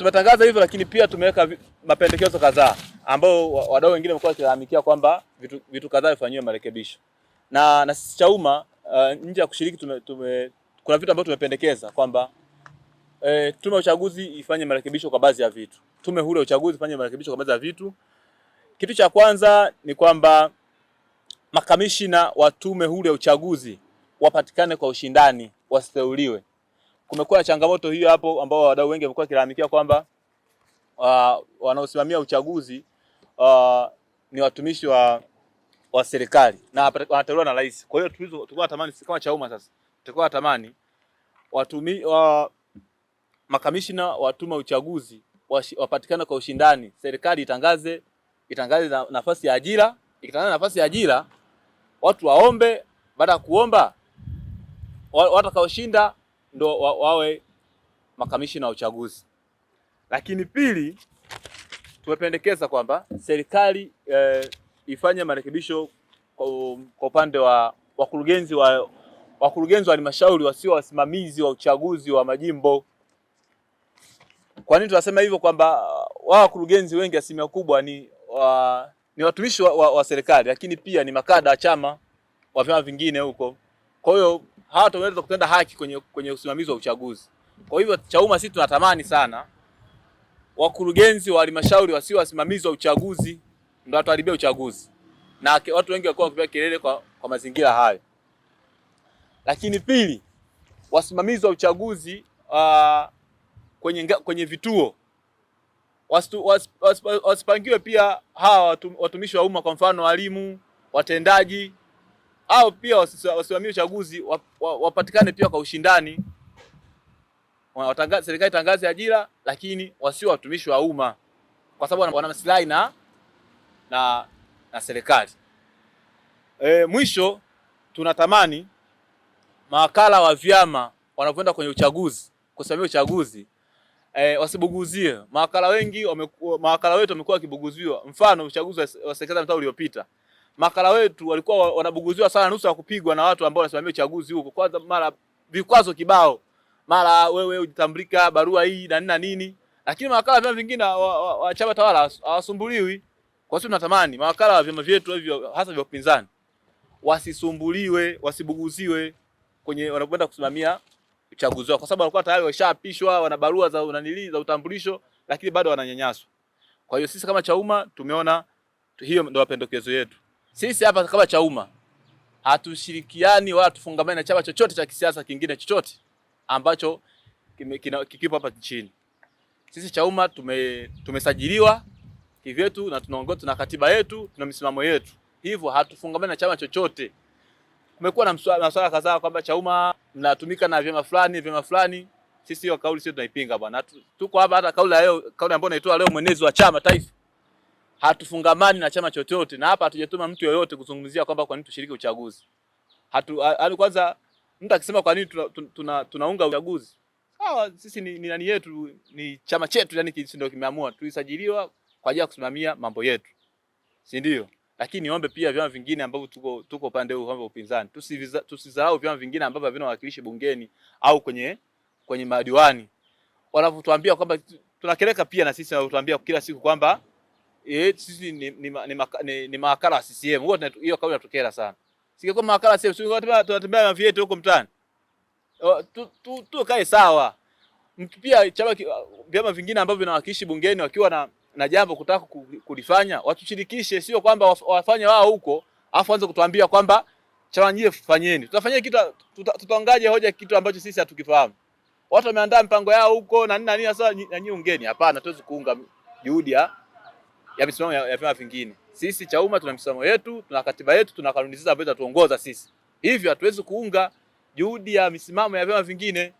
tumetangaza hivyo, lakini pia tumeweka mapendekezo kadhaa ambayo wadau wengine wamekuwa wakilalamikia kwamba vitu, vitu kadhaa vifanyiwe marekebisho na na sisi Chauma uh, nje ya kushiriki tume, tume, kuna vitu ambavyo tumependekeza kwamba e, tume ya uchaguzi ifanye marekebisho kwa baadhi ya vitu. Tume huru ya uchaguzi ifanye marekebisho kwa baadhi ya vitu. Kitu cha kwanza ni kwamba makamishina wa tume huru ya uchaguzi wapatikane kwa ushindani, wasiteuliwe kumekuwa na changamoto hiyo hapo, ambao wadau wengi wamekuwa wakilalamikia kwamba uh, wanaosimamia uchaguzi uh, ni watumishi wa wa serikali na wanateuliwa na rais. Kwa hiyo tulikuwa natamani kama CHAUMMA sasa, tulikuwa natamani watumi wa uh, makamishina watuma uchaguzi wapatikane kwa ushindani, serikali itangaze itangaze na, nafasi ya ajira. Ikitangaza nafasi ya ajira, watu waombe. Baada ya kuomba watakaoshinda ndo wa, wawe makamishina wa uchaguzi. Lakini pili, tumependekeza kwamba serikali eh, ifanye marekebisho kwa upande wa wakurugenzi wa wakurugenzi wa halmashauri wasio wasimamizi wa uchaguzi wa majimbo. Kwa nini tunasema hivyo? Kwamba uh, wao wakurugenzi wengi, asilimia kubwa ni wa, uh, ni watumishi wa, wa, wa serikali, lakini pia ni makada wa chama wa vyama vingine huko. Kwa hiyo hawa tumeweza kutenda haki kwenye, kwenye usimamizi wa uchaguzi. Kwa hivyo CHAUMMA sisi tunatamani sana wakurugenzi wa halmashauri wasio wasimamizi wa uchaguzi ndio watuharibia uchaguzi, na watu wengi walikuwa wakipiga kelele kwa, kwa mazingira hayo. Lakini pili, wasimamizi wa uchaguzi uh, kwenye, kwenye vituo wasipangiwe was, was, was, pia hawa watumishi wa umma, kwa mfano walimu, watendaji au pia wasimamie uchaguzi wapatikane pia kwa ushindani, serikali itangaze ajira, lakini wasio watumishi wa umma, kwa sababu wana maslahi na, na, na serikali. E, mwisho tunatamani mawakala wa vyama wanavyoenda kwenye uchaguzi kusimamia uchaguzi e, wasibuguzie mawakala wengi. Mawakala wetu wamekuwa wakibuguziwa, mfano uchaguzi wa serikali za mtaa uliopita makala wetu walikuwa wanabuguziwa sana, nusu ya kupigwa na watu ambao wanasimamia uchaguzi huko. Kwanza mara vikwazo kibao, mara wewe ujitambulika barua hii na nini na nini, lakini mawakala vyama vingine wa, chama tawala hawasumbuliwi. Kwa sababu tunatamani mawakala wa vyama vyetu hivyo hasa vya upinzani wasisumbuliwe, wasibuguziwe kwenye wanapoenda kusimamia uchaguzi wao, kwa sababu walikuwa tayari washapishwa, wana barua za unanili za utambulisho, lakini bado wananyanyaswa. Kwa hiyo sisi kama Chauma tumeona hiyo ndio mapendekezo yetu. Sisi hapa kama cha umma hatushirikiani wala tufungamani na chama chochote cha kisiasa kingine chochote ambacho kikipo hapa nchini. Sisi cha umma tume, tumesajiliwa kivyetu na tunaongoza, tuna katiba yetu, tuna misimamo yetu, hivyo hatufungamani na chama chochote. Kumekuwa na masuala kadhaa kwamba Chauma mnatumika na vyama fulani vyama fulani. Sisi hiyo kauli sio tunaipinga bwana, tuko hapa. Hata kauli leo, kauli ambayo naitoa leo mwenezi wa chama taifa hatufungamani na chama chochote, na hapa hatujatuma mtu yoyote kuzungumzia kwamba kwa nini tushiriki uchaguzi. Hatu yaani, kwanza mtu akisema kwa nini tunaunga tuna, tuna, uchaguzi sawa, sisi ni, ni nani yetu, ni chama chetu, yani kisi ndio kimeamua tulisajiliwa kwa ajili ya kusimamia mambo yetu, si ndio? Lakini niombe pia vyama vingine ambavyo tuko tuko upande huu kwamba upinzani, tusizarau vyama vingine ambavyo havina wawakilishi bungeni au kwenye kwenye madiwani, wanapotuambia kwamba tunakereka pia na sisi, wanatuambia kila siku kwamba eh, sisi ni ni, ni, ni, ni mawakala CCM. Huwa hiyo kauli inatokea sana. Singekuwa mawakala CCM, tunatembea tunatembea na vyetu huko mtaani. Tu, tu, tu kae sawa. Pia chama vyama vingine ambavyo vinawakilishi bungeni wakiwa na na jambo kutaka kulifanya watushirikishe, sio kwamba wafanye wao huko afu anze kutuambia kwamba chama nyie fanyeni. Tutafanya kitu tuta, tutaongaje hoja kitu ambacho sisi hatukifahamu. Watu wameandaa mpango yao huko na nini na nini, sasa nyinyi ungeni. Hapana, tuwezi kuunga juhudi ya ya misimamo ya vyama vingine. Sisi Chauma tuna misimamo yetu, tuna katiba yetu, tuna kanuni zetu ambazo zinatuongoza sisi, hivyo hatuwezi kuunga juhudi ya misimamo ya vyama vingine.